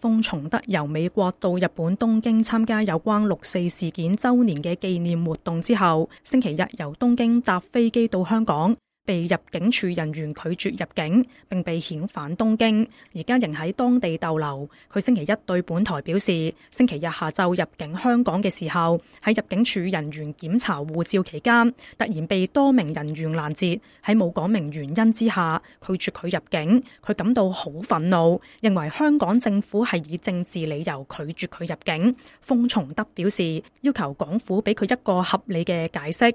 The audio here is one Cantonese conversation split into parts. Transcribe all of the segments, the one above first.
封從德由美國到日本東京參加有關六四事件周年嘅紀念活動之後，星期日由東京搭飛機到香港。被入境處人員拒絕入境，並被遣返東京，而家仍喺當地逗留。佢星期一對本台表示：星期日下晝入境香港嘅時候，喺入境處人員檢查護照期間，突然被多名人員攔截，喺冇講明原因之下拒絕佢入境。佢感到好憤怒，認為香港政府係以政治理由拒絕佢入境。封從德表示要求港府俾佢一個合理嘅解釋。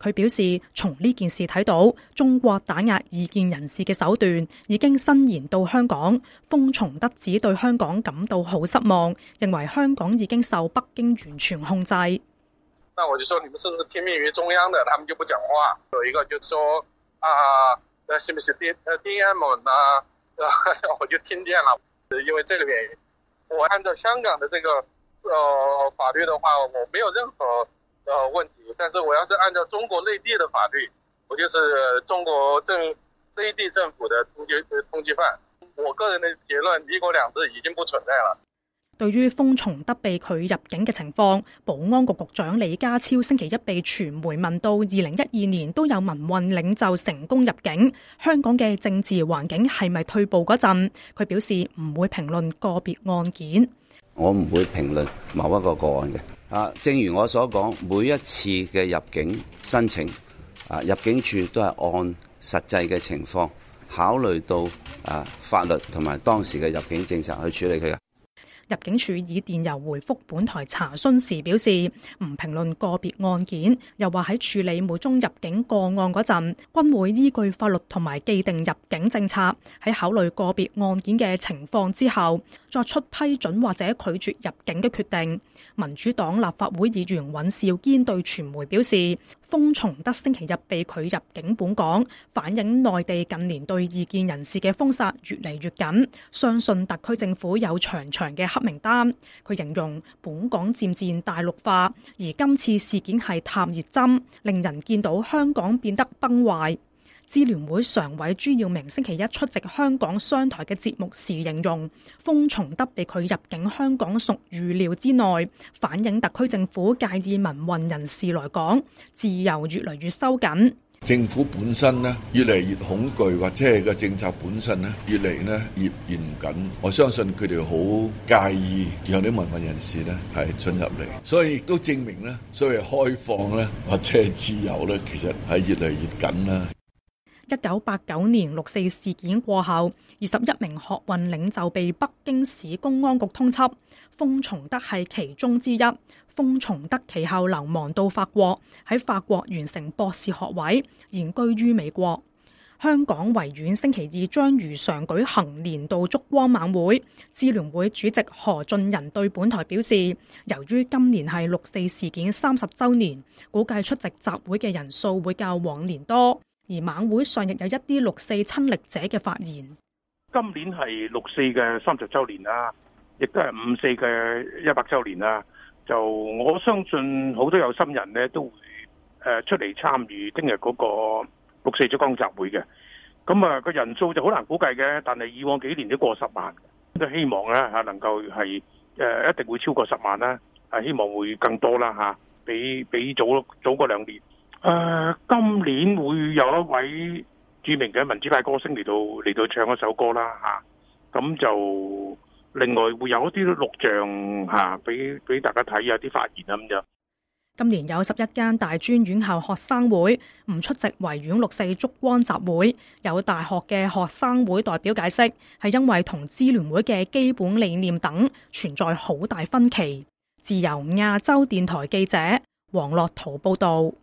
佢表示，從呢件事睇到，中國打壓異見人士嘅手段已經伸延到香港。封從德指對香港感到好失望，認為香港已經受北京完全控制。那我就說你們是不是聽命於中央的？他們就不講話。有一個就說啊，是不是 D D M 呢，啊啊？我就聽見了。因為這個原因，我按照香港的這個呃法律的話，我沒有任何。呃問題，但是我要是按照中國內地的法律，我就是中國政內地政府的通緝通緝犯。我個人的結論，一國兩制已經不存在了。對於封從德被拒入境嘅情況，保安局局長李家超星期一被傳媒問到，二零一二年都有民運領袖成功入境，香港嘅政治環境係咪退步嗰陣，佢表示唔會評論個別案件。我唔會評論某一個個案嘅。啊，正如我所講，每一次嘅入境申請，啊，入境處都係按實際嘅情況考慮到啊法律同埋當時嘅入境政策去處理佢嘅。入境處以電郵回覆本台查詢時表示，唔評論個別案件，又話喺處理每宗入境個案嗰陣，均會依據法律同埋既定入境政策，喺考慮個別案件嘅情況之後，作出批准或者拒絕入境嘅決定。民主黨立法會議員尹兆堅對傳媒表示。封從德星期日被拒入境本港，反映內地近年對異見人士嘅封殺越嚟越緊。相信,信特區政府有長長嘅黑名單。佢形容本港漸漸大陸化，而今次事件係探熱針，令人見到香港變得崩壞。支聯會常委朱耀明星期一出席香港商台嘅節目時用，形容封從德被拒入境香港屬預料之內，反映特區政府介意民運人士來港，自由越嚟越收緊。政府本身呢，越嚟越恐懼，或者係個政策本身呢，越嚟呢，越嚴謹。我相信佢哋好介意有啲民運人士呢，係進入嚟，所以亦都證明呢，所謂開放呢，或者係自由呢，其實係越嚟越緊啦。一九八九年六四事件過後，二十一名學運領袖被北京市公安局通緝，封從德係其中之一。封從德其後流亡到法國，喺法國完成博士學位，現居於美國。香港維園星期二將如常舉行年度燭光晚會，支聯會主席何俊仁對本台表示，由於今年係六四事件三十周年，估計出席集會嘅人數會較往年多。而晚會上亦有一啲六四親歷者嘅發言。今年係六四嘅三十周年啦，亦都係五四嘅一百周年啦。就我相信好多有心人呢都會誒出嚟參與聽日嗰個六四燭光集會嘅。咁啊，個人數就好難估計嘅，但係以往幾年都過十萬，都希望咧吓能夠係誒一定會超過十萬啦。啊，希望會更多啦吓，比比早早嗰兩年。誒，今年會有一位著名嘅民主派歌星嚟到嚟到唱一首歌啦，吓，咁就另外會有一啲錄像吓，俾俾大家睇，有啲發言咁。今年有十一間大專院校學生會唔出席維園六四燭光集會，有大學嘅學生會代表解釋係因為同支聯會嘅基本理念等存在好大分歧。自由亞洲電台記者黃樂圖報道。